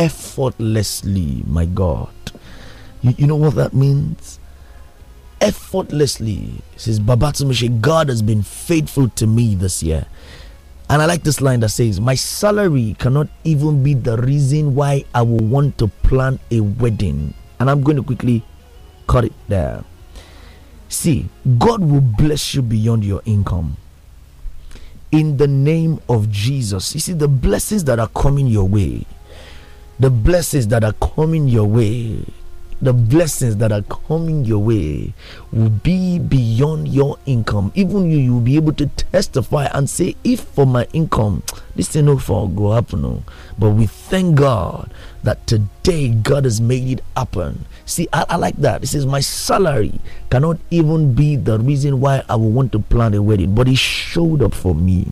effortlessly, my God. You, you know what that means? Effortlessly. says Babatsumishi, God has been faithful to me this year. And I like this line that says, My salary cannot even be the reason why I will want to plan a wedding. And I'm going to quickly cut it there. See, God will bless you beyond your income. In the name of Jesus. You see, the blessings that are coming your way the blessings that are coming your way the blessings that are coming your way will be beyond your income. Even you, you'll be able to testify and say, if for my income, this thing no for go happen. No. But we thank God that today God has made it happen. See, I, I like that. This is my salary cannot even be the reason why I will want to plan a wedding, but He showed up for me.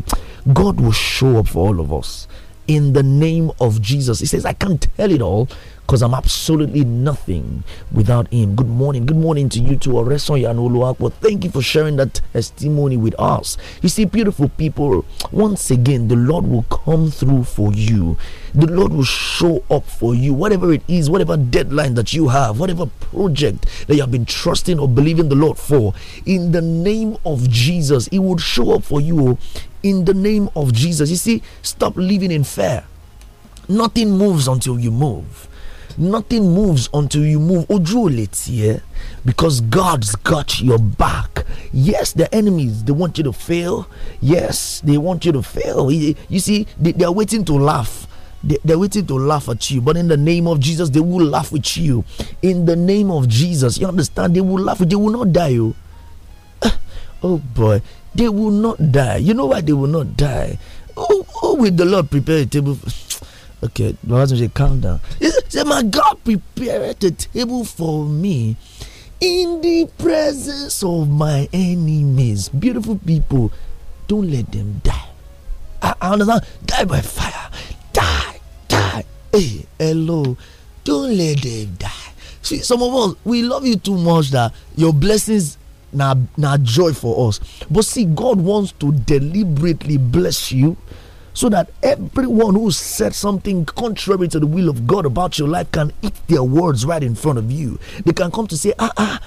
God will show up for all of us in the name of Jesus. He says, I can't tell it all, because I'm absolutely nothing without Him. Good morning. Good morning to you too, Oreson Yanoluakwa. Thank you for sharing that testimony with us. You see, beautiful people, once again, the Lord will come through for you. The Lord will show up for you, whatever it is, whatever deadline that you have, whatever project that you have been trusting or believing the Lord for. In the name of Jesus, He would show up for you in the name of Jesus. You see, stop living in fear. Nothing moves until you move. Nothing moves until you move. yeah, Because God's got your back. Yes, the enemies, they want you to fail. Yes, they want you to fail. You see, they are waiting to laugh they're waiting to laugh at you but in the name of jesus they will laugh with you in the name of jesus you understand they will laugh they will not die you oh. oh boy they will not die you know why they will not die oh, oh will the lord prepare a table for Okay, the husband say, calm down. He said, My God prepared a table for me in the presence of my enemies. Beautiful people, don't let them die. I, I understand. Die by fire. Die. Die. Hey, hello. Don't let them die. See, some of us, we love you too much that your blessings na na joy for us. But see, God wants to deliberately bless you so that everyone who said something contrary to the will of God about your life can eat their words right in front of you. They can come to say, ah, ah,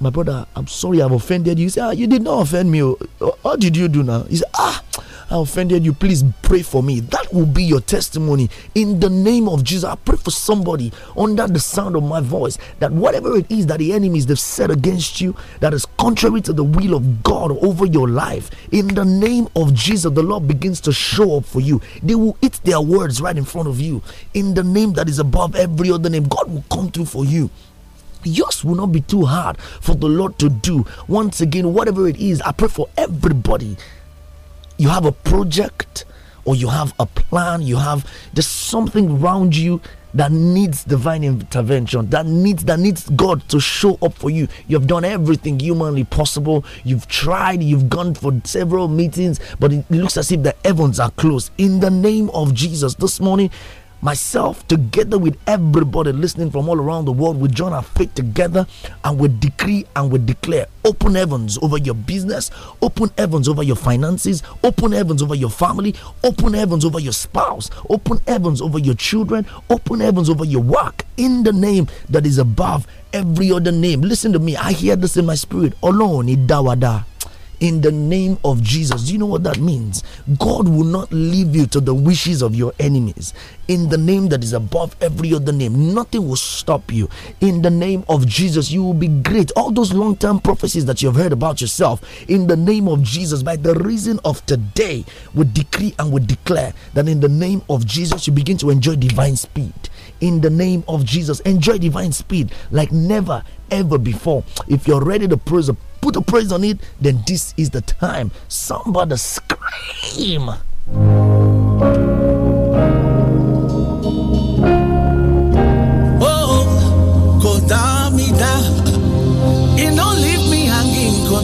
my brother, I'm sorry I've offended you. He said, ah, you did not offend me. Oh. What did you do now? He said, ah, I offended you. Please pray for me. That will be your testimony. In the name of Jesus, I pray for somebody under the sound of my voice that whatever it is that the enemies they've said against you that is contrary to the will of God over your life, in the name of Jesus, the Lord begins to show up for you. They will eat their words right in front of you. In the name that is above every other name, God will come through for you yours will not be too hard for the Lord to do. Once again, whatever it is, I pray for everybody. You have a project or you have a plan, you have just something around you that needs divine intervention that needs that needs god to show up for you you've done everything humanly possible you've tried you've gone for several meetings but it looks as if the heavens are closed in the name of jesus this morning myself, together with everybody listening from all around the world, we join our faith together and we decree and we declare open heavens over your business, open heavens over your finances, open heavens over your family, open heavens over your spouse, open heavens over your children, open heavens over your work in the name that is above every other name. Listen to me, I hear this in my spirit. Alone, Idawada in the name of Jesus. Do you know what that means? God will not leave you to the wishes of your enemies. In the name that is above every other name, nothing will stop you. In the name of Jesus, you will be great. All those long term prophecies that you have heard about yourself, in the name of Jesus, by the reason of today, we decree and we declare that in the name of Jesus, you begin to enjoy divine speed. In the name of Jesus, enjoy divine speed like never ever before. If you're ready to praise, put a praise on it, then this is the time. Somebody scream. Oh, go down don't leave me hanging, go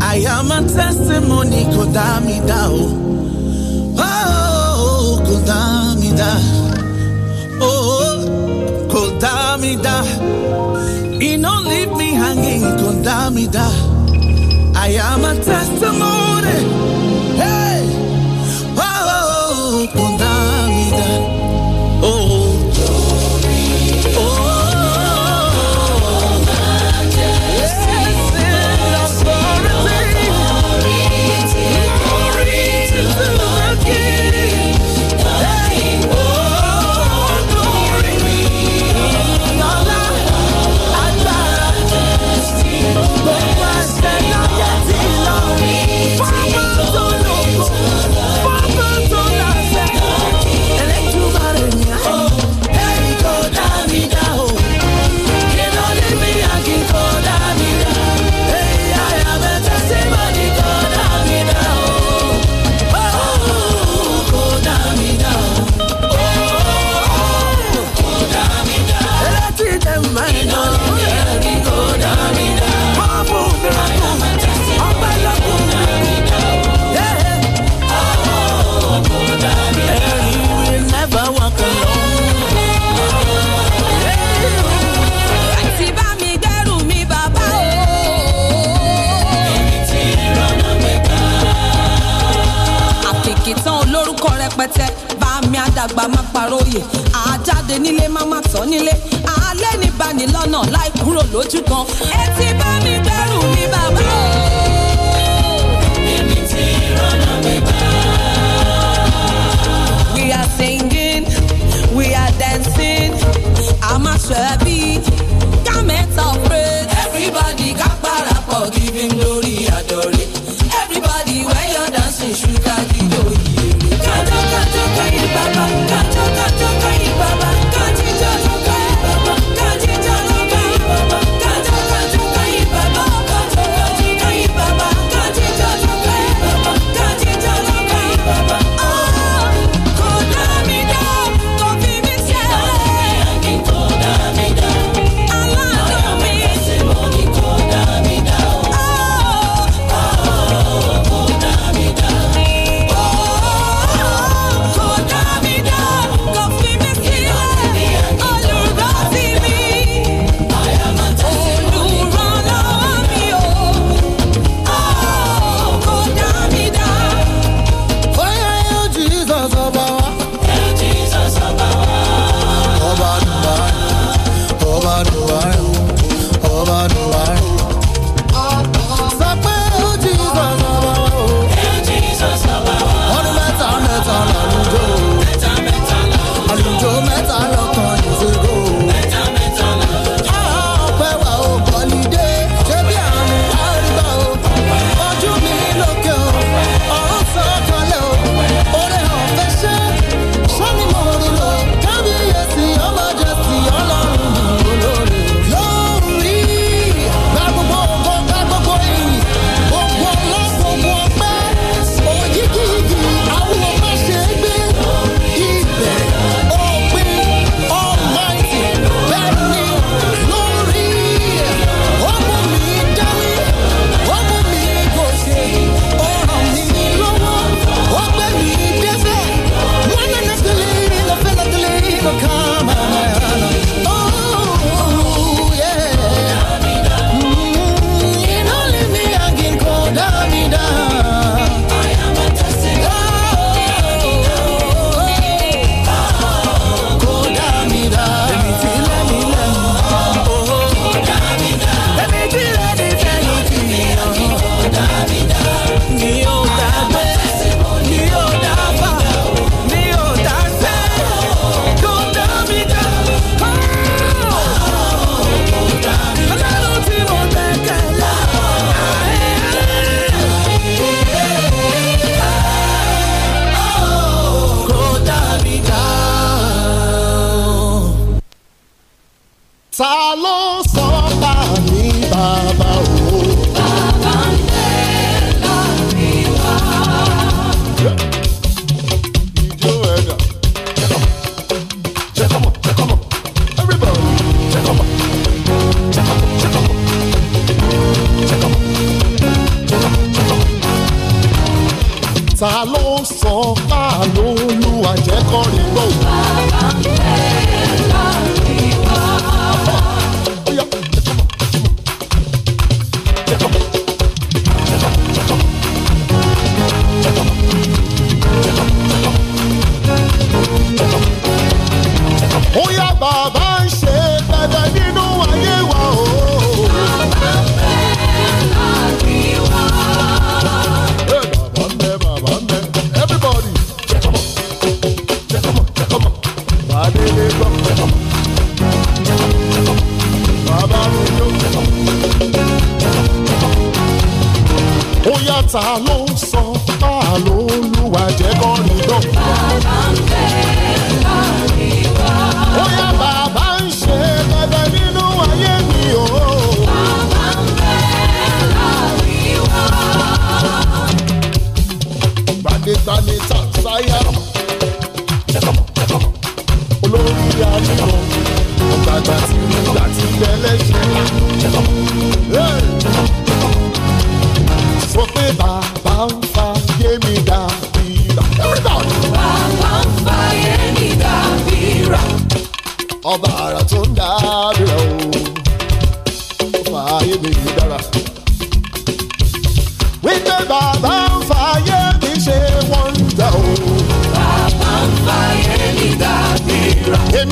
I am a testimony, go down me down. Oh, go contamina and don't leave me hanging, contamina. I am a testimony.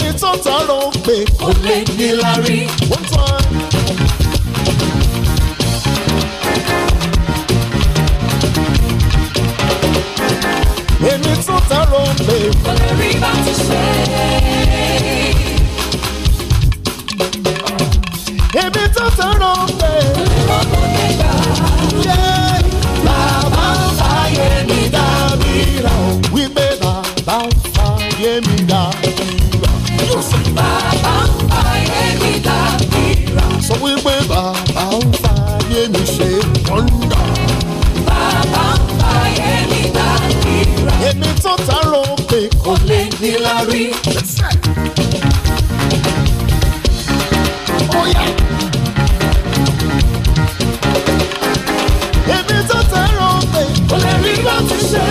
ẹni tó tọ́ pè kò lè ní lárí. ẹni tó tọ́ pè kò lè rí bá ti ṣe. èmi tó tọ́ pè kò lè rọ́pò nígbà. ó lé ní lárí. èmi tó tẹ̀rọ pé kò lè rí láti ṣe.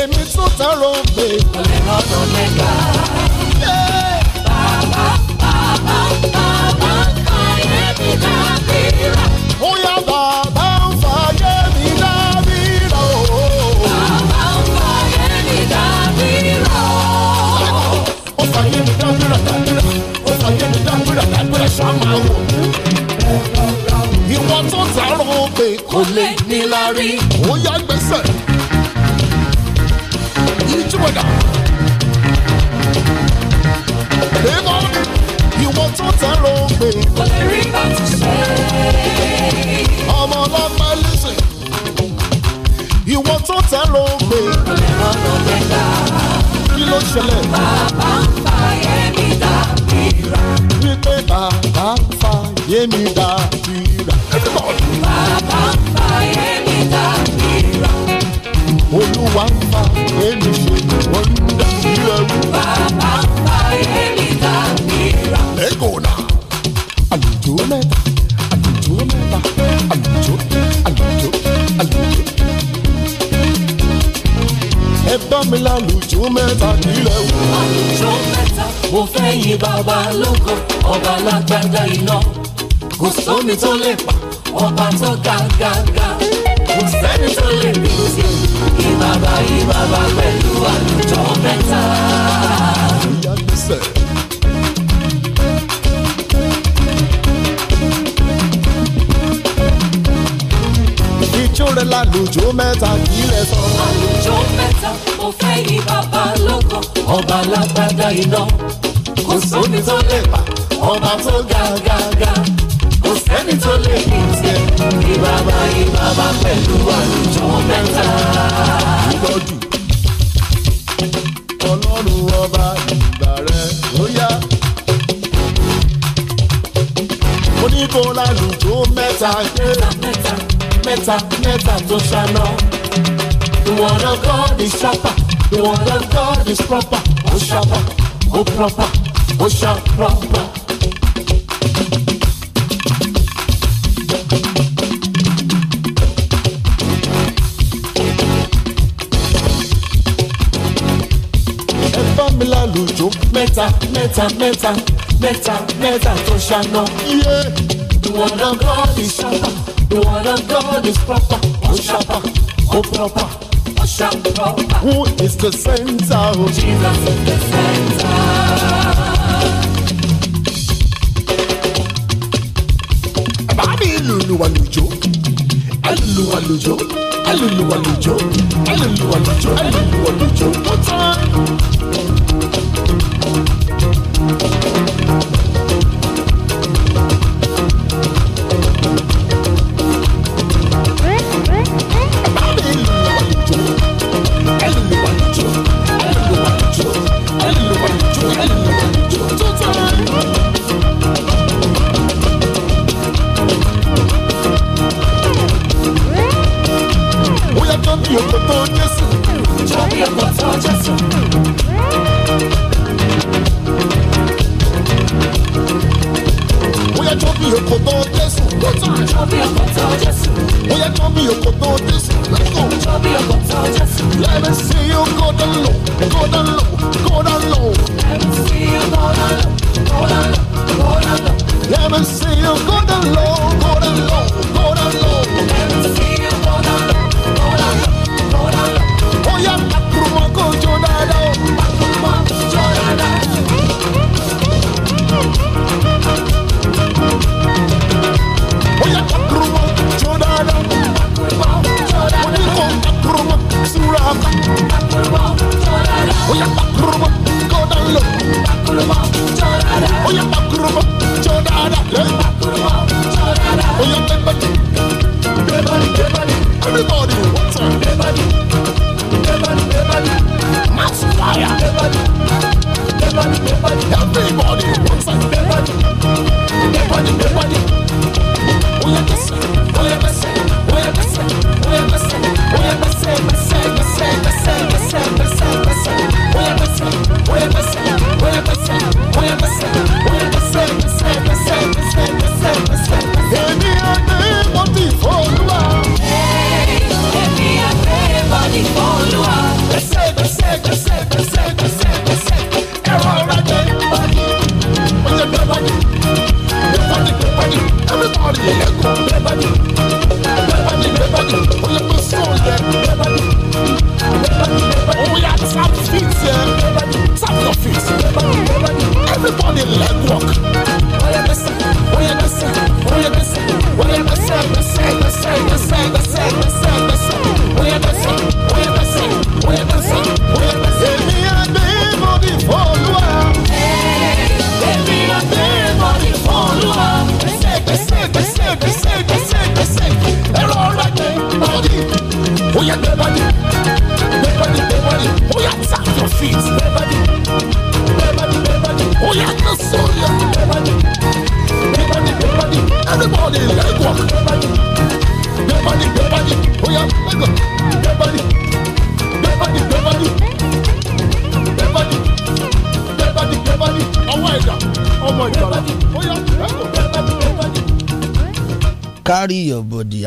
èmi tó tẹ̀rọ pé kò lè lọ́dọ̀ lẹ́gbàá. Bàbá bàbá bàbá kan ẹ̀mí náà bí ra. wọ́n máa wò ìwọ tó sàárò pé kò lè níláárí ó yá gbèsè ìjú ẹ̀dá. Èèmọ̀ ni ìwọ tó sàárò pé kò lè rí bá ṣe. Ọmọ ọlọ́pàá ẹlẹ́sìn ìwọ tó sàárò pé kò lè rọ́nà lẹ́gbàá kí ló ṣẹlẹ̀. bàbá ń fa yémi dá ìrà. wípé bàbá ń fa yémi dá ìrà. bàbá ń fa yémi dá ìrà. olúwa ń fa yémi ṣe olúwa. mi lálùjù mẹ́ta nílẹ̀ wò. àlùjù mẹ́ta mo fẹ́ yin bàbá lógo ọba lágbádá iná kò sómi tó lè pa ọba tó ga ga ga kò sẹ́ni tó lè bí ti ìbàbá ìbàbá pẹ̀lú àlùjù mẹ́ta. ìyá gbèsè. fẹ́ lálùjọ mẹ́ta kílẹ̀ sọ. àlùjọ mẹ́ta mo fẹ́ yí bàbá lóko ọba alágbádá iná kò sómi tó lè pa ọba tó ga ga ga kò sẹ́ni tó lè bí tiẹ̀ ní bàbá yí bàbá pẹ̀lú àlùjọ mẹ́ta. ìtọ́jú ọlọ́run ọba ìgbà rẹ̀ ló yá. oníkó lálùjọ mẹ́ta gbé mẹ́ta mẹ́ta tó ṣáná. The word of God is sharper. The word of God is proper. Ó sharper, ó proper, ó sharp proper. Ẹ bá mi lálùjọ mẹ́ta mẹ́ta mẹ́ta mẹ́ta mẹ́ta tó ṣáná. Yeah. The word of God is sharper. The word of God is proper. Oh sharper. Oh proper. Oh sharper. Who is the center? Jesus is the center. Bàbí lùlùwà lùjó. Ẹlùlùwà lùjó. Ẹlùlùwà lùjó. Ẹlùlùwà lùjó. Ẹlùlùwà lùjó. Ó tán.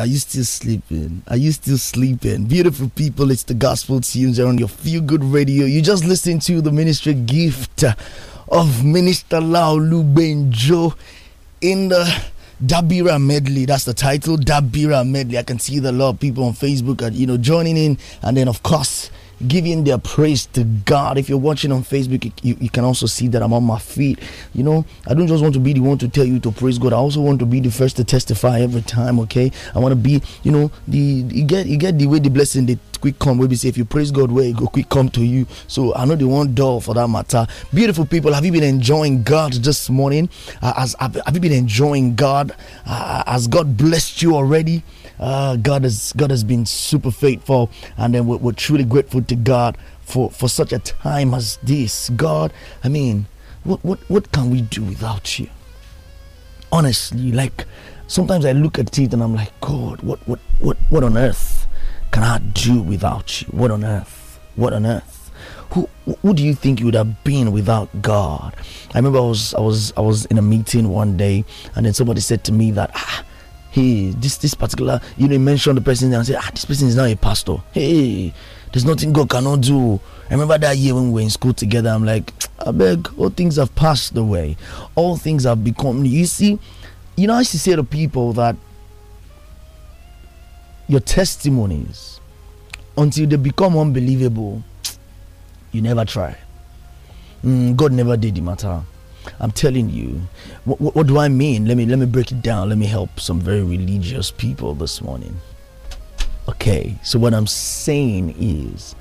Are you still sleeping? Are you still sleeping? Beautiful people, it's the gospel tunes on your feel good radio. You just listen to the ministry gift of Minister Lao Lu Benjo in the Dabira Medley. That's the title. Dabira Medley. I can see the lot of people on Facebook are, you know, joining in. And then of course giving their praise to God. If you're watching on Facebook, you, you can also see that I'm on my feet. You know, I don't just want to be the one to tell you to praise God. I also want to be the first to testify every time, okay? I want to be, you know, the you get you get the way the blessing they quick come. We say if you praise God, where it go quick come to you. So I know the one door for that matter. Beautiful people, have you been enjoying God this morning? Uh, as have, have, you been enjoying God? Uh, has God blessed you already? Uh, God has God has been super faithful, and then we're, we're truly grateful to God for for such a time as this. God, I mean, what what what can we do without you? Honestly, like sometimes I look at it and I'm like, God, what what what what on earth can I do without you? What on earth? What on earth? Who, who do you think you would have been without God? I remember I was I was I was in a meeting one day, and then somebody said to me that ah, hey, this this particular, you know, he mentioned the person and say, ah, this person is now a pastor. Hey, there's nothing God cannot do. I remember that year when we were in school together, I'm like, I beg, all things have passed away. All things have become You see, you know, I used to say to people that your testimonies, until they become unbelievable, you never try. Mm, God never did the matter. I'm telling you, what, what, do I mean? Let me let me break it down. Let me help some very religious people this morning. Okay, so what I'm saying is,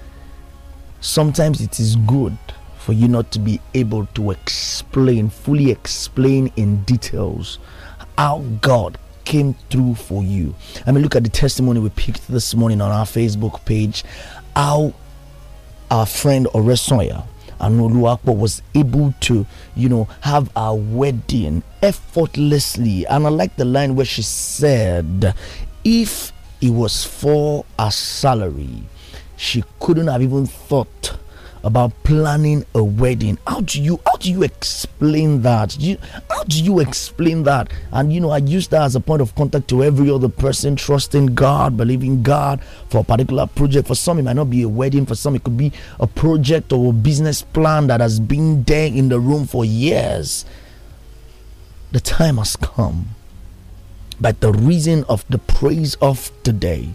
sometimes it is good for you not to be able to explain fully explain in details how God came through for you. I mean, look at the testimony we picked this morning on our Facebook page. How our friend Oresoya and Oluwapo was able to, you know, have a wedding effortlessly. And I like the line where she said, if it was for a salary, she couldn't have even thought about planning a wedding. How do you how do you explain that? Do you, how do you explain that? And you know, I use that as a point of contact to every other person trusting God, believing God for a particular project. For some, it might not be a wedding. For some, it could be a project or a business plan that has been there in the room for years. The time has come. But the reason of the praise of today,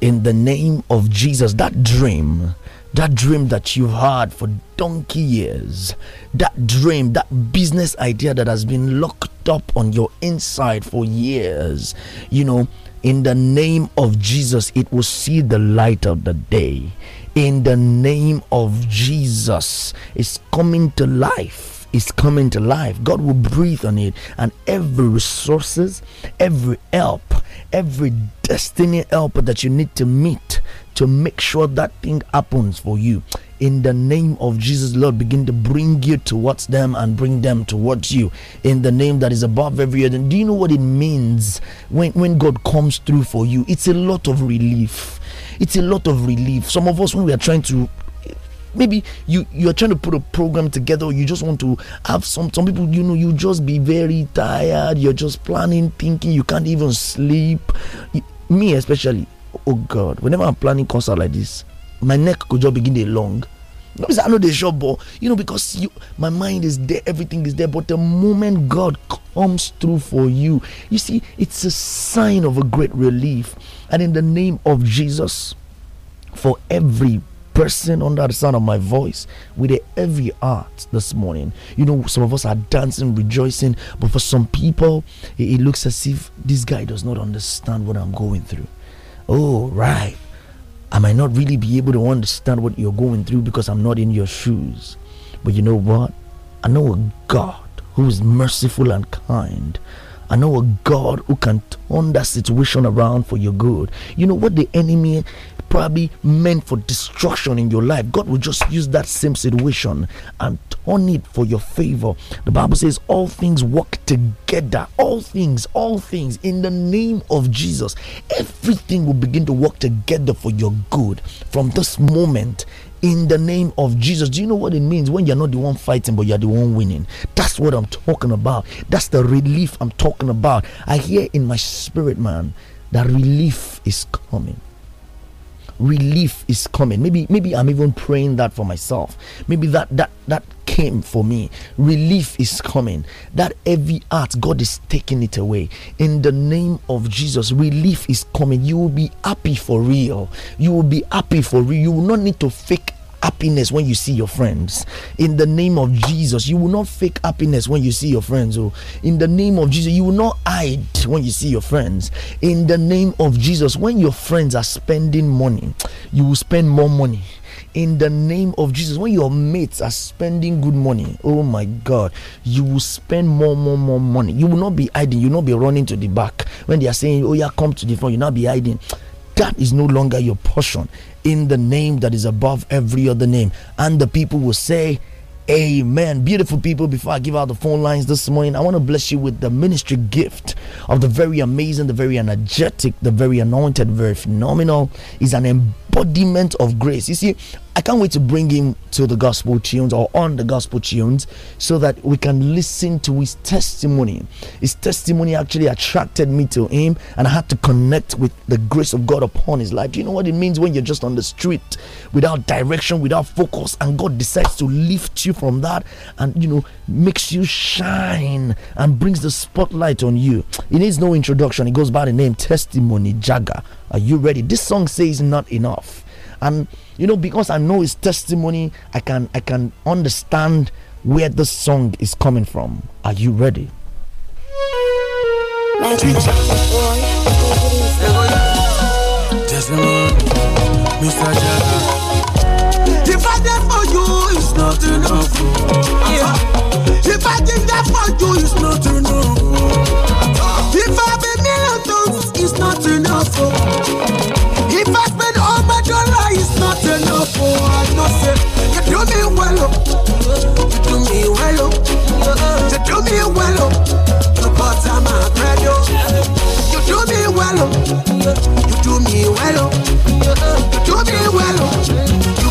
in the name of Jesus, that dream that dream that you've had for donkey years, that dream, that business idea that has been locked up on your inside for years, you know, in the name of Jesus, it will see the light of the day. In the name of Jesus, it's coming to life is coming to life. God will breathe on it, and every resources, every help, every destiny helper that you need to meet to make sure that thing happens for you. In the name of Jesus, Lord, begin to bring you towards them and bring them towards you in the name that is above every other. Do you know what it means when, when God comes through for you? It's a lot of relief. It's a lot of relief. Some of us, when we are trying to maybe you you're trying to put a program together you just want to have some some people you know you just be very tired you're just planning thinking you can't even sleep me especially oh god whenever i'm planning concert like this my neck could just begin to long no, I know they job, but you know, because you, my mind is there, everything is there. But the moment God comes through for you, you see, it's a sign of a great relief. And in the name of Jesus, for every person under the sound of my voice with a heavy heart this morning. You know, some of us are dancing, rejoicing, but for some people, it, it looks as if this guy does not understand what I'm going through. Oh, right. I might not really be able to understand what you're going through because I'm not in your shoes. But you know what? I know a God who is merciful and kind. I know a God who can turn that situation around for your good. You know what the enemy probably meant for destruction in your life, God will just use that same situation and turn it for your favor. The Bible says, All things work together, all things, all things in the name of Jesus. Everything will begin to work together for your good from this moment in the name of Jesus. Do you know what it means when you're not the one fighting, but you're the one winning? That's what I'm talking about. That's the relief I'm talking about. I hear in my spirit, man, that relief is coming relief is coming. Maybe maybe I'm even praying that for myself. Maybe that that that came for me. Relief is coming. That heavy heart, God is taking it away. In the name of Jesus, relief is coming. You will be happy for real. You will be happy for real. You will not need to fake happiness when you see your friends. In the name of Jesus, you will not fake happiness when you see your friends. Oh, in the name of Jesus, you will not hide when you see your friends. In the name of Jesus, when your friends are spending money, you will spend more money in the name of Jesus. When your mates are spending good money, oh my God, you will spend more, more, more money. You will not be hiding. You will not be running to the back when they are saying, "Oh yeah, come to the front." You will not be hiding. That is no longer your portion in the name that is above every other name. And the people will say, Amen. Beautiful people, before I give out the phone lines this morning, I want to bless you with the ministry gift of the very amazing, the very energetic, the very anointed, very phenomenal. Is an embodiment of grace. You see, I can't wait to bring him to the gospel tunes or on the gospel tunes so that we can listen to his testimony. His testimony actually attracted me to him and I had to connect with the grace of God upon his life. Do you know what it means when you're just on the street without direction, without focus, and God decides to lift you from that and, you know, makes you shine and brings the spotlight on you? It needs no introduction. It goes by the name Testimony Jagger. Are you ready? This song says not enough. And you know because i know his testimony i can i can understand where this song is coming from are you ready If I did for you, it's not enough. If I did that for you, it's not enough. If I be millions, it's not enough. If I you do me well you do me well you do me well you do me well you do me well you do me well you if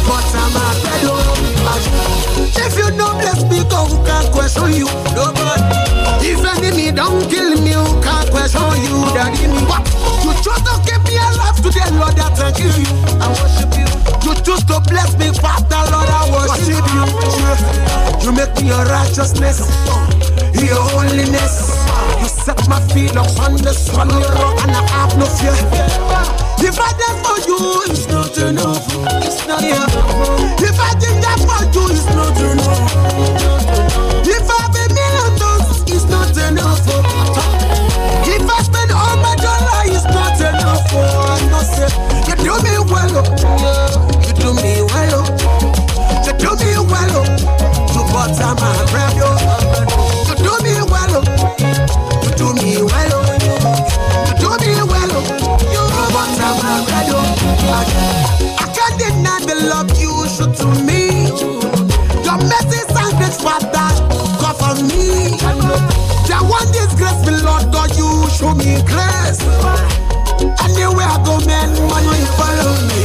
you bless who can question you, nobody, if don't kill me, who can question you, me, what, you chose to me I thank you, I worship you. You choose to bless me, Father, Lord, I worship you. You make me your righteousness, your holiness. You set my feet upon the solid rock, and I have no fear. If I die for you, it's not enough. It's not enough. If I did that for you, it's not enough. If I be millions, it's not enough. If I spend all my dollar, it's not enough. Oh, I know, say, you do me well. Yeah. I want this grace, my Lord God, you show me grace. Anywhere I go, man, man, you follow me.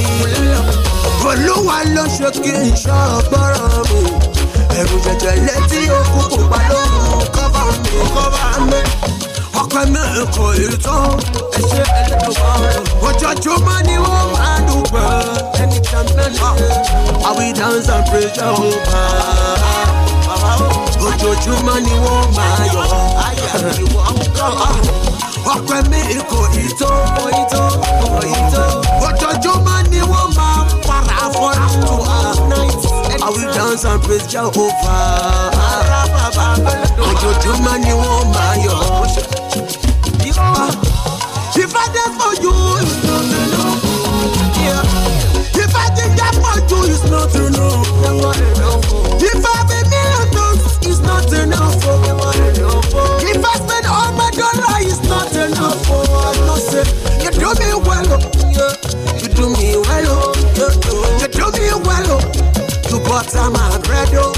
Olúwa ló ṣe kí n ṣọ́gbọ́rọ̀ mi. Ẹ̀rù jẹjẹrẹ tí ó kú kò pa lóhùn kọ́fà mi kọ́fà mi. Ọpẹ́ mi kò rí tán, ẹ ṣe ẹlẹ́wọ̀n. Ojoojúmọ́ ni wọ́n máa dùgbọ́. Ẹni tàbí mẹ́lẹ̀, ah, I will dance and praise Jehovah wá o. ojoojúmọ́ ni wọ́n máa yọ̀ ayọ̀ ni wọ́n kọ́ ọ. ọpẹ mi kò ìtó kò ìtó kò ìtó. ojoojúmọ́ ni wọ́n máa para fọ́nà I will dance and praise Jehovah. Ojoojúmọ́ ni wọ́n máa yọ̀. If I dey for you, it's not enough. If I dey for you, it's not enough. better my bread oh.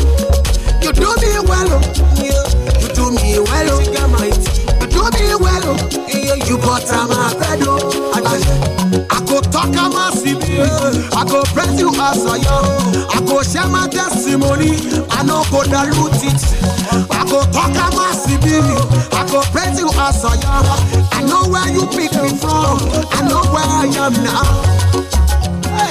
You do me well oh, you do me well oh, you do me well oh, you butter my bread oh. I, I go talk about oh. CB, I go praise you as I am, oh. I go share my testimony, I no go dilute it. I go talk about oh. CB, I go praise you as I am, I know where you pick me from, I know where I am now.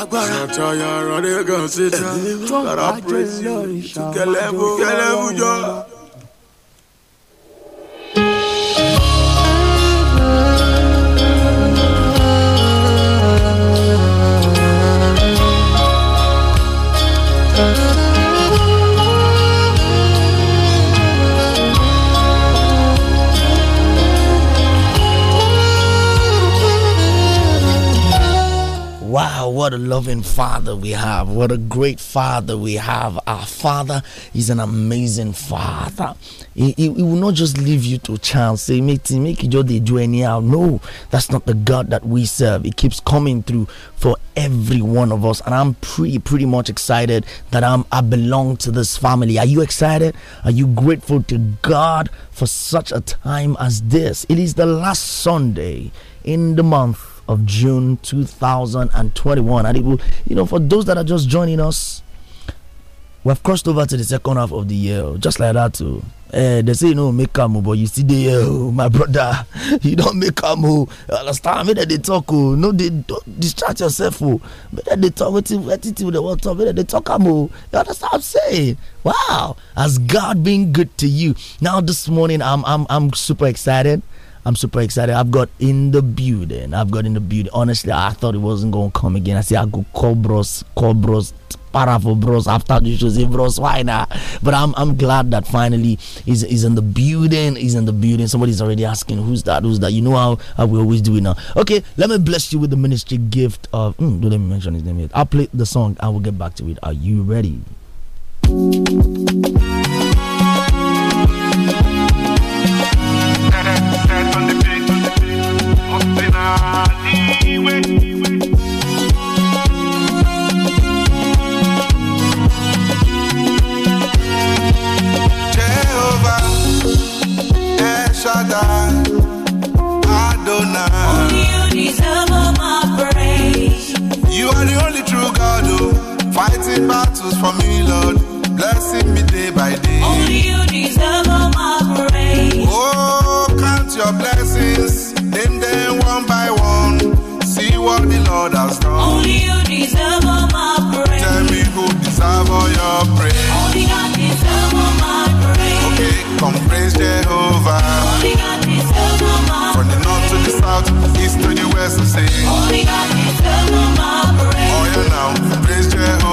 agbára. ṣàtàyà rẹ̀ gàn síta. ẹ̀mí mímọ́ àjọ ìlọrin ṣàwọn àjọ ìlọrin. kẹlẹ́bù kẹlẹ́bù jọ. what a loving father we have. What a great father we have. Our father is an amazing father. He, he, he will not just leave you to chance. Say, make, make you just do anyhow. No, that's not the God that we serve. He keeps coming through for every one of us. And I'm pretty, pretty much excited that I'm, I belong to this family. Are you excited? Are you grateful to God for such a time as this? It is the last Sunday in the month of June 2021. And it will, you know, for those that are just joining us, we have crossed over to the second half of the year, oh, just like that too. Uh, eh, they say you know make a move, oh, but you see the oh, my brother, you don't make a move. Understand? Whether they talk, oh, no, they don't distract yourself. Oh, then they talk, you, attitude they want talk, whether they talk, oh, you understand what I'm saying? Wow, has God been good to you? Now this morning, I'm I'm I'm super excited. I'm super excited. I've got in the building. I've got in the building. Honestly, I thought it wasn't gonna come again. I said I go cobras, cobras, call bros, after you should say bros, why not? But I'm I'm glad that finally he's, he's in the building, he's in the building. Somebody's already asking who's that, who's that. You know how, how we always do it now. Okay, let me bless you with the ministry gift of mm, don't let me mention his name yet. I'll play the song I will get back to it. Are you ready? vessels for me, Lord. Blessing me day by day. Only you deserve all my praise. Oh, count your blessings, name them one by one. See what the Lord has done. Only you deserve all my praise. Tell me who deserve all your praise. Only God deserve all my praise. Okay, come praise Jehovah. Only God deserve all my praise. From the north to the south, east to the west, I say. Only God deserve all my praise. Oh yeah, now praise Jehovah.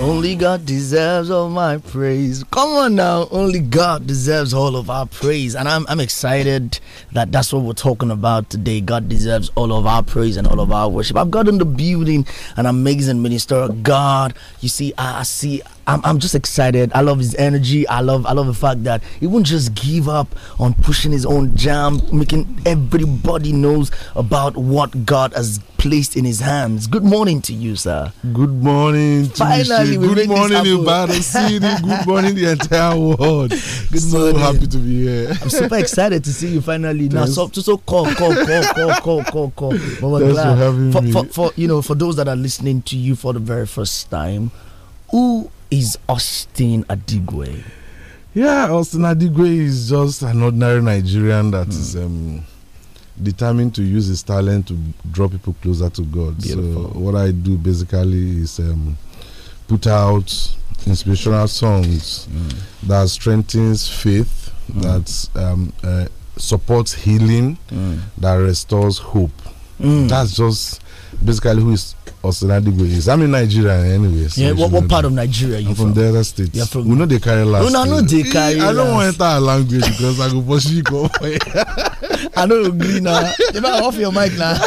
Only God deserves all my praise. Come on now. Only God deserves all of our praise. And I'm, I'm excited that that's what we're talking about today. God deserves all of our praise and all of our worship. I've got in the building an amazing minister. God, you see, I see I'm, I'm just excited. I love his energy. I love I love the fact that he won't just give up on pushing his own jam, making everybody knows about what God has placed in his hands. Good morning to you, sir. Good morning Finally, you. Good morning, Ibadan City. Good morning, the entire world. Good so morning. happy to be here. I'm super excited to see you finally. Now, so, so call, call, call, call, call, call, call. But Thanks glad. for having for, me. For, for, you know, for those that are listening to you for the very first time, who is Austin Adigwe? Yeah, Austin Adigwe is just an ordinary Nigerian that mm. is um, determined to use his talent to draw people closer to God. Beautiful. So what I do basically is um, put out inspirational songs mm. that strengthens faith, mm. that um, uh, supports healing, hmm. that restores hope. Hmm. That's just basically who is is. I'm in Nigeria, anyways. Yeah, what, what part of Nigeria are you I'm from? from Delta State. Yeah, from. We know they carry last. We know they eh, carry. I don't want to enter a language because I go push you go. I don't agree now. You better off your mic now.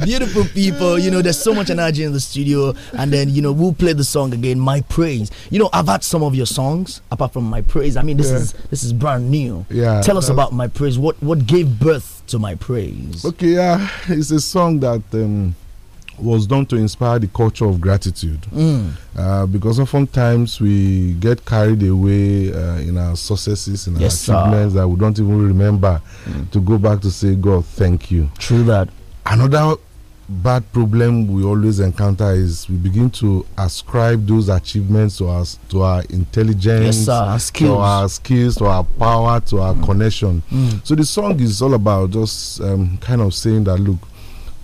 Beautiful people, you know, there's so much energy in the studio, and then you know we'll play the song again. My praise. You know, I've had some of your songs apart from my praise. I mean, this yeah. is this is brand new. Yeah. Tell us about my praise. What what gave birth to my praise? Okay, yeah, it's a song that. Um, was done to inspire the culture of gratitude. Mm. Uh, because oftentimes we get carried away uh, in our successes, in yes, our achievements sir. that we don't even remember mm. to go back to say, God, thank you. True that. Another bad problem we always encounter is we begin to ascribe those achievements to us to our intelligence yes, our skills. to our skills to our power to our mm. connection mm. so the song is all about just um, kind of saying that look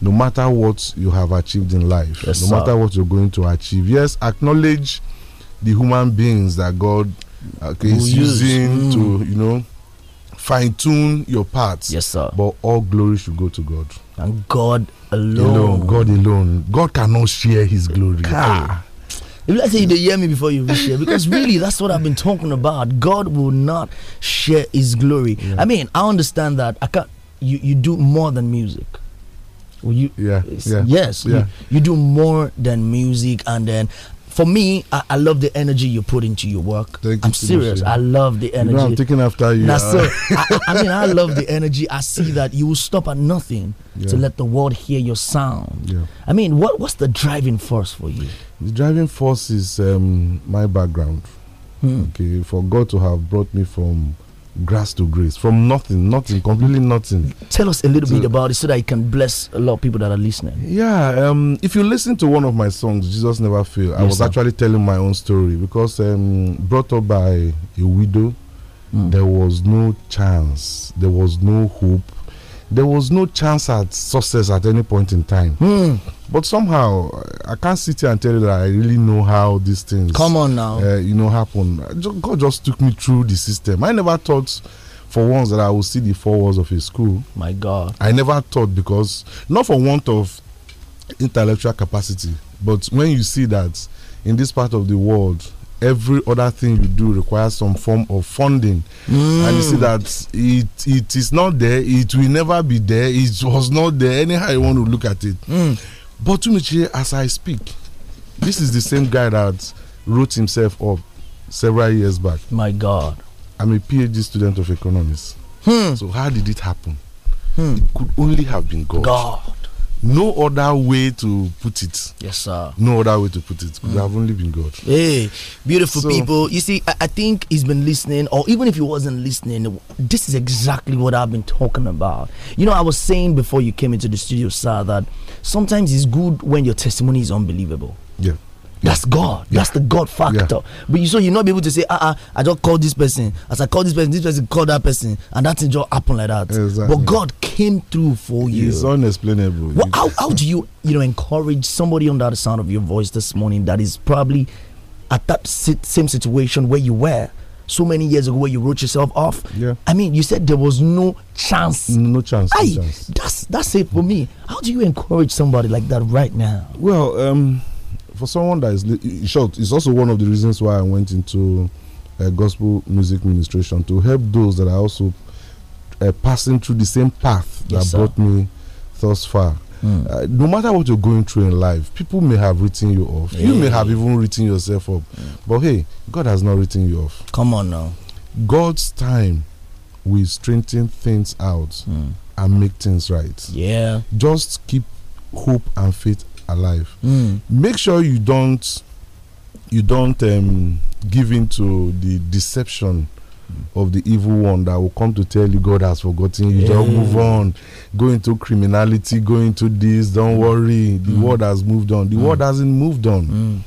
no matter what you have achieved in life, yes, no sir. matter what you're going to achieve, yes, acknowledge the human beings that God uh, is using mm. to, you know, fine tune your parts. Yes, sir. But all glory should go to God. And God alone. alone God alone. God cannot share His glory. If ah. let's say you hear me before you reach because really that's what I've been talking about. God will not share His glory. Yeah. I mean, I understand that. I can't. You you do more than music. You, yeah, yeah. Yes. Yeah. You, you, do more than music and then for me, I, I love the energy you put into your work. Thank I'm serious. I love the energy. You know, I'm taking after you. Uh, I, I mean, I love the energy. I see that you will stop at nothing yeah. to let the world hear your sound. Yeah. I mean, what what's the driving force for you? The driving force is um, my background. Hmm. Okay, for God to have brought me from grass to grace from nothing nothing completely nothing tell us a little so, bit about it so that I can bless a lot of people that are listening yeah um, if you listen to one of my songs jesus never fail yes, i was sir. actually telling my own story because um brought up by a widow mm. there was no chance there was no hope there was no chance at success at any point in time mm. But somehow, I can't sit here and tell you that I really know how these things. Come on now. Uh, you know, happen. God just took me through the system. I never thought for once that I would see the four walls of a school. My God. I never thought because, not for want of intellectual capacity, but when you see that in this part of the world, every other thing you do requires some form of funding mm. and you see mm. that it it is not there it will never be there it was not there anyhow you want to look at it mm. But to me, as I speak, this is the same guy that wrote himself up several years back. My God. I'm a PhD student of economics. Hmm. So how did it happen? Hmm. It could only have been God. God no other way to put it. Yes, sir. No other way to put it. Mm. We have only been God. Hey, beautiful so, people. You see, I, I, think he's been listening, or even if he wasn't listening, this is exactly what I've been talking about. You know, I was saying before you came into the studio, sir, that sometimes it's good when your testimony is unbelievable. Yeah. That's God. That's the God factor. But you so you not be able to say, ah, uh -uh, I just call this person. As I call this person, this person called that person, and that thing just happened like that. Exactly. But God came through for you. It's unexplainable. Well, how how do you you know encourage somebody under the sound of your voice this morning that is probably at that same situation where you were? so many years ago where you wrote yourself off. Yeah. I mean, you said there was no chance. No chance. Aye, no chance. That's that's it for me. How do you encourage somebody like that right now? Well, um, for someone that is short, it's also one of the reasons why I went into uh, gospel music ministration to help those that are also uh, passing through the same path that brought me thus far. Mm. Uh, no matter what you're going through in life, people may have written you off. Yeah. You may have even written yourself up. Yeah. Hmm. But hey, God has not written you off. Come on now. God's time will straighten things out mm. and make things right. Yeah. Just keep hope and faith alive. Mm. Make sure you don't you don't um, give in to the deception of the evil one that will come to tell you God has forgotten you. Yeah. Just move on. Go into criminality, go into this, don't worry. The mm. world has moved on. The mm. world hasn't moved on. Mm.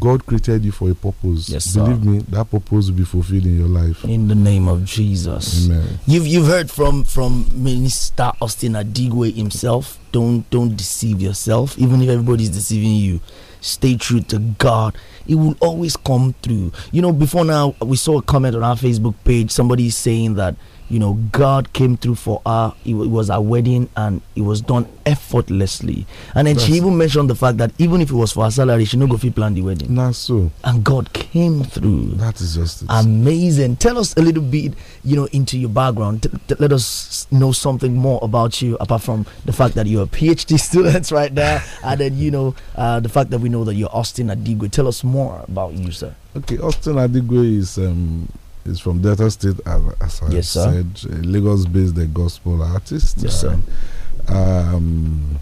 God created you for a purpose. Yes, sir. Believe me, that purpose will be fulfilled in your life. In the name of Jesus. Amen. You've you've heard from from Minister Austin Adigwe himself. Don't don't deceive yourself, even if everybody's deceiving you. Stay true to God. It will always come through. You know, before now we saw a comment on our Facebook page, somebody saying that you know, God came through for her. It, was a wedding and it was done effortlessly. And then That's she even mentioned the fact that even if it was for her salary, she no go fit plan the wedding. That's so. And God came through. That is just it. amazing. Tell us a little bit, you know, into your background. T let us know something more about you apart from the fact that you're a PhD student right now, and then you know uh, the fact that we know that you're Austin Adigwe. Tell us more about you, sir. Okay, Austin Adigwe is. Um, is from Delta State, as, as I said, Lagos based the gospel artist. Yes, sir. Um,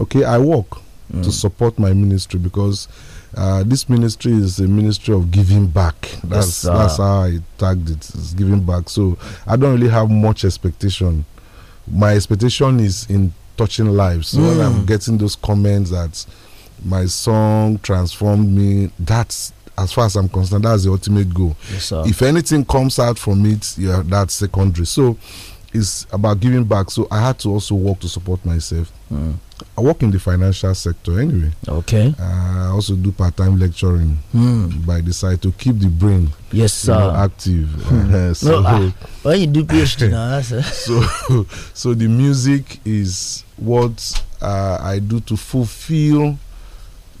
okay, I work mm. to support my ministry because uh, this ministry is a ministry of giving back. That's yes, that's how I tagged it. It's giving back. So I don't really have much expectation. My expectation is in touching lives. So mm. when I'm mm. getting those comments that my song transformed me, that's as far as I'm concerned, that's the ultimate goal. Yes, if anything comes out from it, yeah, that's secondary. So it's about giving back. So I had to also work to support myself. Mm. I work in the financial sector anyway. Okay. Uh, I also do part time lecturing mm. by the side to keep the brain yes, sir. You know, active. Mm. Uh, so, no, ah, I, when you do PhD now, so, so the music is what uh, I do to fulfill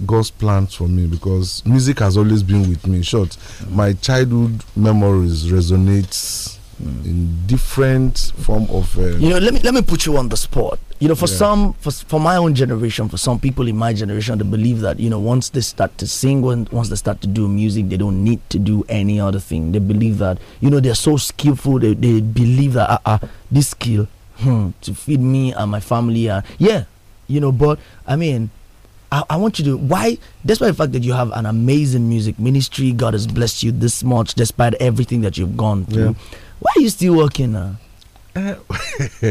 God's plans for me because music has always been with me. Short, mm. my childhood memories resonates mm. in different form of. Uh, you know, let me let me put you on the spot. You know, for yeah. some, for, for my own generation, for some people in my generation, they believe that you know once they start to sing, when, once they start to do music, they don't need to do any other thing. They believe that you know they're so skillful. They they believe that uh, uh this skill hmm, to feed me and my family. Uh, yeah, you know, but I mean I, I, want you to why despite the fact that you have an amazing music ministry god has blessed you this much despite everything that you've gone through yeah. why are you still working now uh,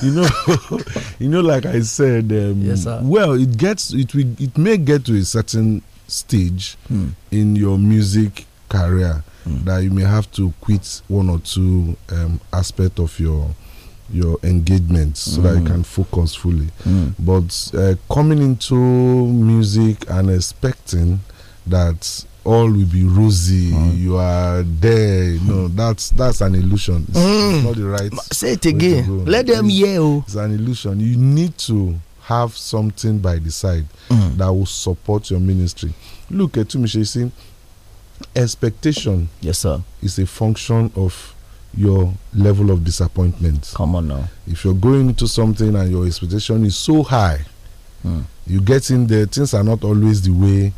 you know you know like i said um, yes, well it gets it will it may get to a certain stage hmm. in your music career hmm. that you may have to quit one or two um, aspect of your your engagements so that you mm. can focus fully. Mm. But uh, coming into music and expecting that all will be rosy. Mm. You are there. No, that's that's an illusion. It's, mm. it's not the right. Say it again. Let them yell. Oh. It's an illusion. You need to have something by the side mm. that will support your ministry. Look at See, expectation. Yes, sir. Is a function of your level of disappointment. Come on now. If you're going into something and your expectation is so high, mm. you get in there, things are not always the way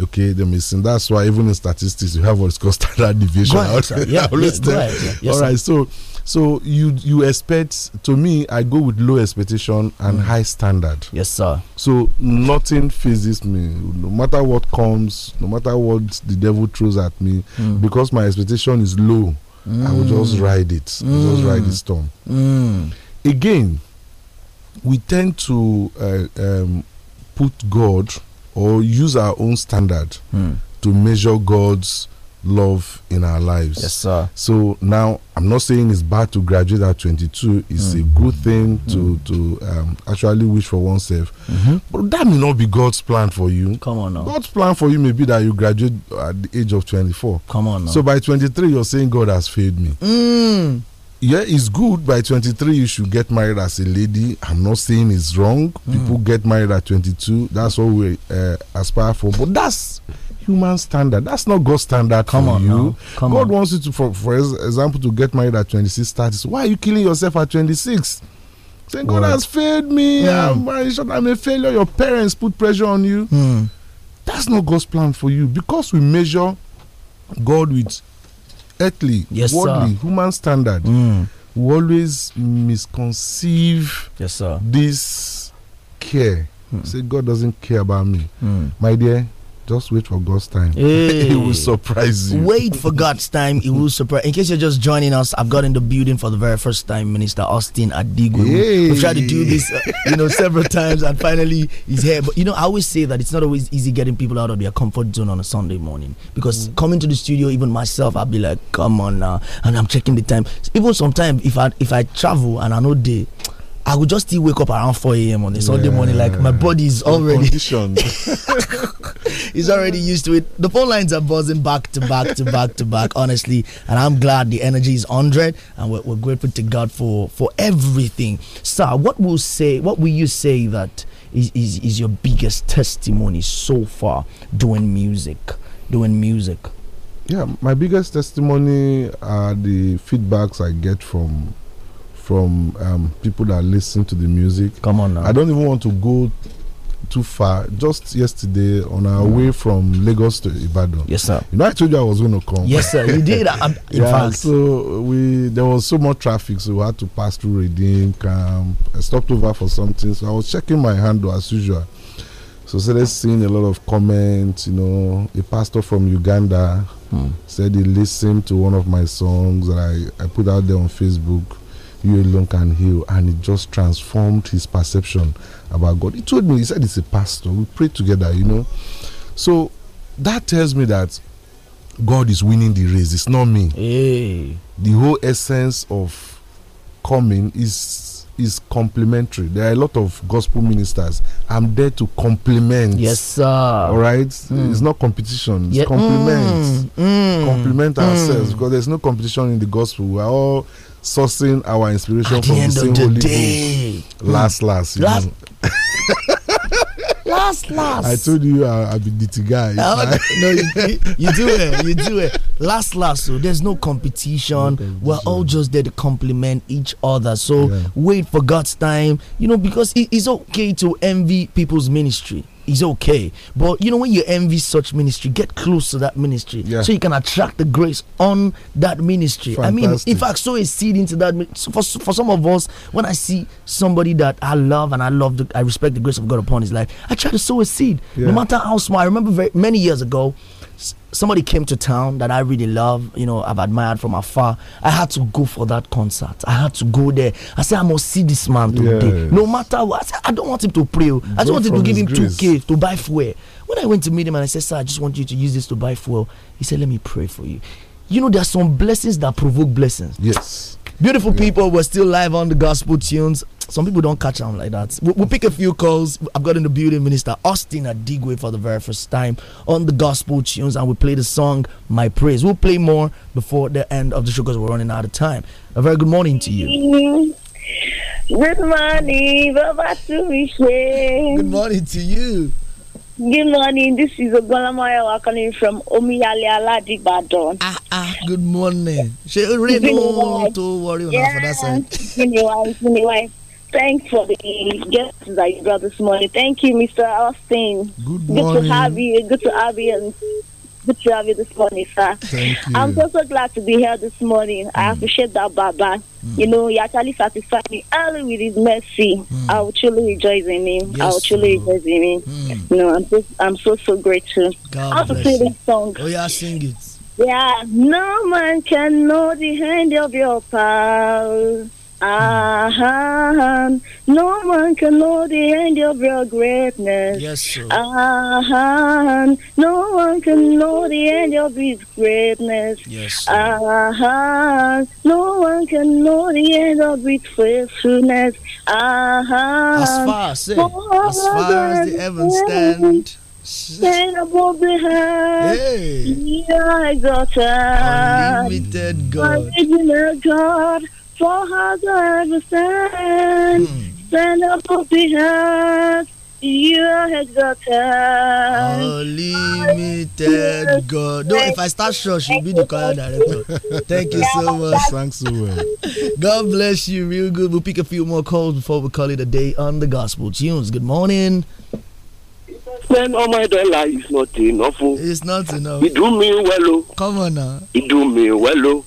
okay, they're missing. That's why even in statistics you have what's called standard deviation. Go ahead, yeah, always ahead, yeah. Yes, All right, sir. so so you you expect to me I go with low expectation and mm. high standard. Yes, sir. So nothing phases me. No matter what comes, no matter what the devil throws at me, mm. because my expectation is low Mm. I will just ride it. Mm. Just ride the storm. Mm. Again, we tend to uh, um, put God or use our own standard hmm. to measure God's love in our lives. Yes, sir. So now I'm not saying it's bad to graduate at 22. It's mm. a good thing to mm. to um, actually wish for oneself. Mm -hmm. But that may not be God's plan for you. Come on now. God's plan for you may be that you graduate at the age of 24. Come on now. So by 23 you're saying God has failed me. Mm. Yeah, it's good. By 23 you should get married as a lady. I'm not saying it's wrong. Mm. People get married at 22. That's what we uh, aspire for. But that's human standard. That's not God's standard. Come on, you. Come God on. wants you to, for, for example, to get married at 26, 30. Why are you killing yourself at 26? Saying, God has failed me. Yeah. Hmm. I'm, I'm a failure. Your parents put pressure on you. Mm. That's not God's plan for you because we measure God with earthly, yes, worldly, sir. human standard. Mm. We always misconceive yes, sir. this care. Mm. Say, God doesn't care about me. Hmm. My dear, just wait for God's time. Hey. it will surprise you. Wait for God's time. It will surprise. In case you're just joining us, I've got in the building for the very first time, Minister Austin Adigwe. Hey. We've tried to do this, uh, you know, several times, and finally he's here. But you know, I always say that it's not always easy getting people out of their comfort zone on a Sunday morning because mm. coming to the studio, even myself, I'll be like, "Come on now," and I'm checking the time. Even sometimes, if I if I travel and I know day. I would just still wake up around 4 a.m. on a yeah. Sunday morning. Like my body is already He's already used to it. The phone lines are buzzing back to back to back to back, honestly. And I'm glad the energy is 100 and we're, we're grateful to God for, for everything. Sir, what will say, what will you say that is, is, is your biggest testimony so far doing music? Doing music? Yeah, my biggest testimony are the feedbacks I get from from um, people that listen to the music. Come on now. I don't even want to go too far. Just yesterday, on our mm. way from Lagos to Ibadan. Yes, sir. You know, I told you I was going to come. Yes, sir. You did. Uh, um, in yeah, fact. So we there was so much traffic, so we had to pass through Redeem Camp. I stopped over for something, so I was checking my handle as usual. So started seeing a lot of comments. You know, a pastor from Uganda hmm. said he listened to one of my songs that I, I put out there on Facebook you alone can heal. And it just transformed his perception about God. He told me, he said, It's a pastor. We pray together, you know. So that tells me that God is winning the race. It's not me. Hey. The whole essence of coming is is complementary. There are a lot of gospel ministers. I'm there to complement. Yes, sir. All right. Mm. It's not competition. It's yeah. compliment. Mm. Mm. Complement hmm, hmm, hmm. ourselves because there's no competition in the gospel. We're all sourcing our inspiration At from the, end the same of the holy day. book. Last, last, you last. last, last. I told you I, I be the guy. Uh, no, you, you, do it. You do it. Last, last. So there's no competition. No competition. We're all just there to compliment each other. So yeah. wait for God's time. You know, because it, it's okay to envy people's ministry is okay. But you know, when you envy such ministry, get close to that ministry yeah. so you can attract the grace on that ministry. Fantastic. I mean, if I sow a seed into that, so for, for some of us, when I see somebody that I love and I love, the, I respect the grace of God upon his life, I try to sow a seed, yeah. no matter how small. I remember very, many years ago, somebody came to town that I really love, you know, I've admired from afar. I had to go for that concert. I had to go there. I said, I must see this man today. Yes. No matter what. I, said, I don't want him to pray. Oh. I just want wanted to give him grace. 2K to buy fuel. When I went to meet him and I said, Sir, I just want you to use this to buy fuel, he said, Let me pray for you. You know, there are some blessings that provoke blessings. Yes. Beautiful yeah. people, we're still live on the gospel tunes some people don't catch on like that. We, we pick a few calls. I've got in the building minister Austin Adigwe for the very first time on the gospel tunes, and we play the song "My Praise." We'll play more before the end of the show because we're running out of time. A very good morning to you. Good morning, Baba Good morning to you. Good morning. This is Ogbolamaya welcoming from Omiyale Aladibadon. Ah ah. Good morning. She really know to worry yeah. for that side. Thanks for the guests that you brought this morning. Thank you, Mr. Austin. Good morning. Good to have you. Good to have you. And good to have you this morning, sir. Thank you. I'm so so glad to be here this morning. Mm. I appreciate that, Baba. Mm. You know, you actually satisfied me early with his mercy. Mm. I will truly rejoice in him. Yes, I will truly rejoice in him. Mm. You know, I'm so I'm so so grateful. God I'll bless sing this song. Oh yeah, sing it. Yeah, no man can know the hand of your power Ah huh No one can know the end of your greatness. Yes, sir. Ah huh No one can know the end of his greatness. Yes, sir. uh No one can know the end of his faithfulness. Ah huh As far as, as, far as the heavens stand. Stand above the head. Hey. You are God. Unlimited God. Original God for her to stand. Stand up for her. You have got time. Unlimited God. No, if I start short, she'll be the choir director. Thank you so much. Thanks so much. God bless you. Real good. We'll pick a few more calls before we call it a day on the gospel tunes. Good morning. Spend all oh, my dollar is not enough. Oh. It's not enough. It do me well. Oh. Come on now. It do me well.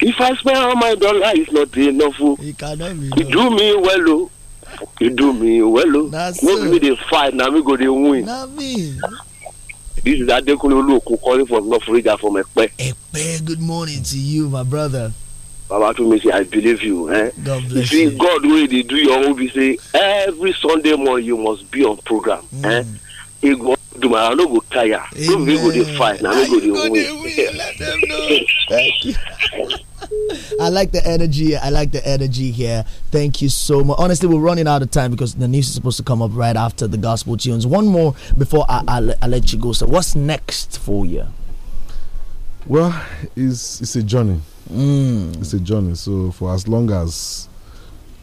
If I spend all my dollar, it's not enough. You cannot be. You do me well, oh. You do me well, oh. That's no, be No, they fight. Now we go, they win. Not me. This is Adekunle Olokun calling from North Florida from Ekpe. Ekpe, good morning to you, my brother. Baba Tumisi, I believe you. Eh? God bless you. See, you. God way they do your own say every Sunday morning you must be on program. Mm. Eh? It go do my no go tire. No be go dey fight, I no go dey win. I like the energy. I like the energy here. Thank you so much. Honestly, we're running out of time because the news is supposed to come up right after the gospel tunes. One more before I, I, I let you go. So, what's next for you? Well, it's it's a journey. Mm. It's a journey. So for as long as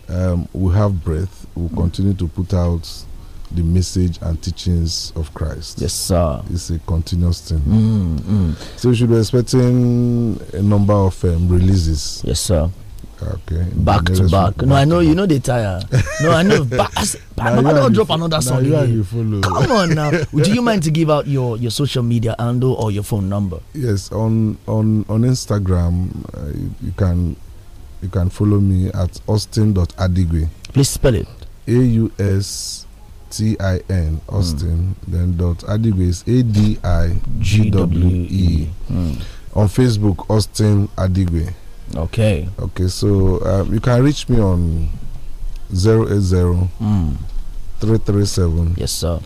um, we have breath, we'll continue to put out the message and teachings of Christ. Yes, sir. It's a continuous thing. Mm, mm. So we should be expecting a number of um, releases. Yes, sir. Okay. Back to back. back. No, I know you know they tire. no, I know. Back, I, I don't drop another song. Come on now. Would you mind to give out your your social media handle or your phone number? Yes, on on on Instagram, uh, you, you, can you can follow me at austin.adigwe. Please spell it. A U S T I N hmm. Austin mm. then dot Adigwe A D I G W E mm. on Facebook Austin Adigwe. Okay. Okay, so uh, you can reach me on 080 hmm. 337 yes sir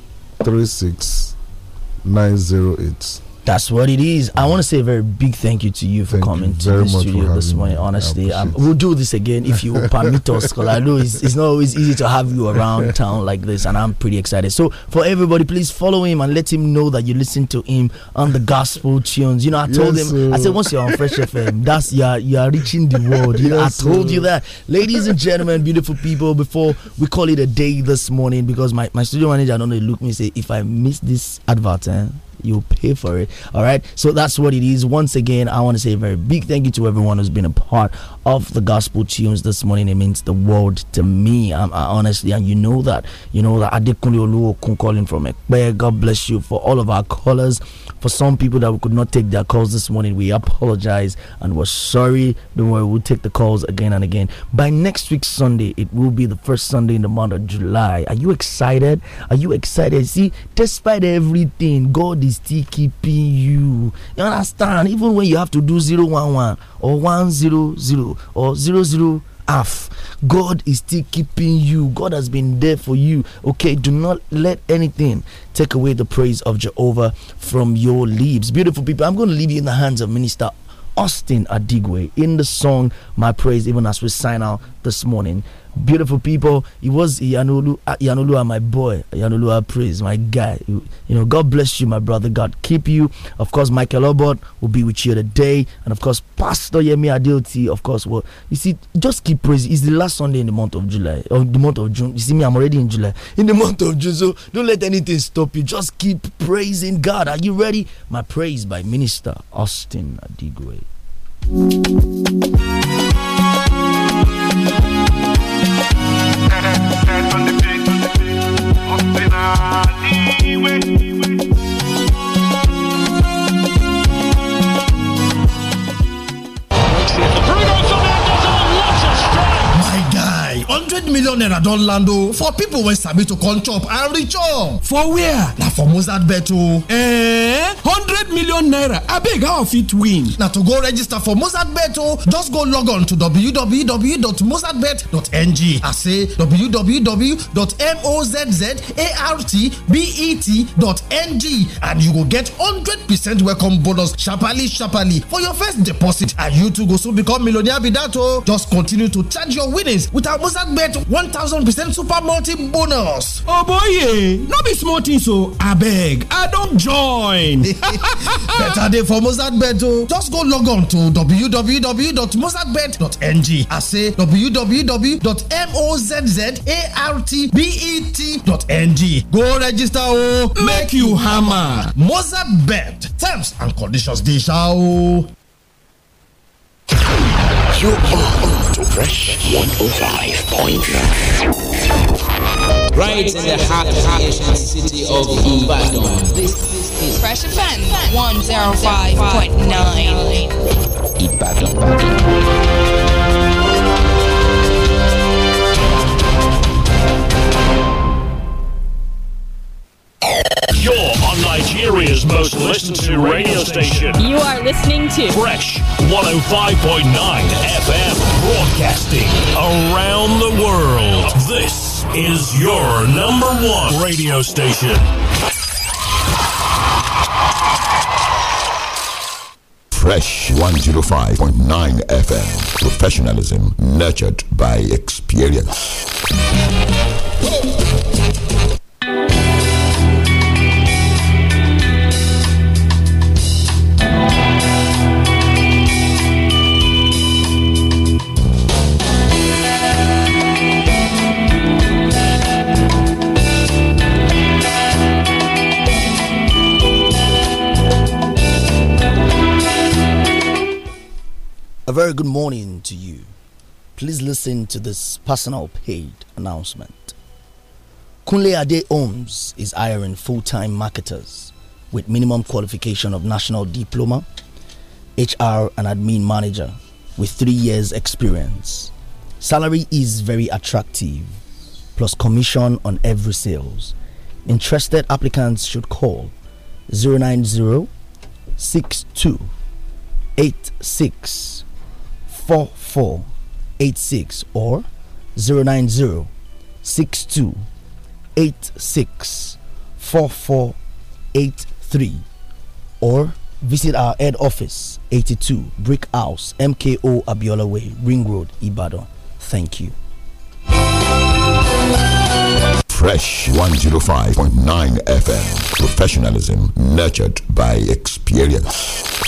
36908. That's what it is. I want to say a very big thank you to you for thank coming you to the studio this morning. Honestly, um, we'll do this again if you permit us, because I know it's, it's, not always easy to have you around town like this, and I'm pretty excited. So, for everybody, please follow him and let him know that you listen to him on the gospel tunes. You know, I told yes, him, sir. I said, once you're on Fresh FM, that's you are, you are reaching the world. You know, I told sir. you that, ladies and gentlemen, beautiful people. Before we call it a day this morning, because my, my studio manager, I don't know, look me say, if I miss this advert, eh, you pay for it. All right. So that's what it is. Once again, I want to say a very big thank you to everyone who's been a part of the gospel tunes this morning. It means the world to me. I'm, I honestly, and you know that. You know that Adekunle Oluokun calling from Ekpe. God bless you for all of our callers. For some people that we could not take their calls this morning, we apologize and we're sorry. Don't worry, we'll take the calls again and again. By next week Sunday, it will be the first Sunday in the month of July. Are you excited? Are you excited? See, despite everything, God is still keeping you you understand even when you have to do zero one one or one zero zero or zero zero half god is still keeping you god has been there for you okay do not let anything take away the praise of jehovah from your lips beautiful people i'm going to leave you in the hands of minister austin adigwe in the song my praise even as we sign out this morning beautiful people. He was Yanulu, uh, Yanulu, my boy. I praise my guy. You know, God bless you, my brother. God keep you. Of course, Michael Obot will be with you today, and of course, Pastor Yemi Adelti. Of course, well, you see, just keep praising. It's the last Sunday in the month of July, of the month of June. You see me, I'm already in July. In the month of June, so don't let anything stop you. Just keep praising God. Are you ready? My praise by Minister Austin Adigwe. million naira don land o for people wey sabi to come chop and reach up. for where? na for mozart bet o. Eh, hundred million naira abeg how i fit win na to go register for Mozart Bet, o oh. just go log on to www.mozartbet.ng I say www.mozzartbet.ng and you go get hundred percent welcome bonus sharparly sharparly for your first deposit and you too go soon become millionaire be that o oh. just continue to charge your winnings with our Mozart Bet one thousand percent super multi bonus. oboye oh, eh. no be small things o abeg i don join. better dey for mozart bet o oh. just go log on to www.mozartbet.ng as say www.mozzartbet.ng go register o oh. make you hammer mozart bet terms and conditions dey sha o. Oh. You are on to Fresh 105.9. right in the heart of the city of Ibadan. This is Fresh Offense 105.9 Ibadan. You're on Nigeria's most listened to radio station. You are listening to Fresh 105.9 FM broadcasting around the world. This is your number one radio station. Fresh 105.9 FM. Professionalism nurtured by experience. A very good morning to you. Please listen to this personal paid announcement. Kunle Ade Ohms is hiring full time marketers with minimum qualification of national diploma, HR and admin manager with three years' experience. Salary is very attractive, plus commission on every sales. Interested applicants should call 090 62 4486 or zero nine zero six two eight six four four eight three or visit our head office 82 Brick House MKO Abiola Way Ring Road Ibadan. Thank you. Fresh 105.9 FM. Professionalism nurtured by experience.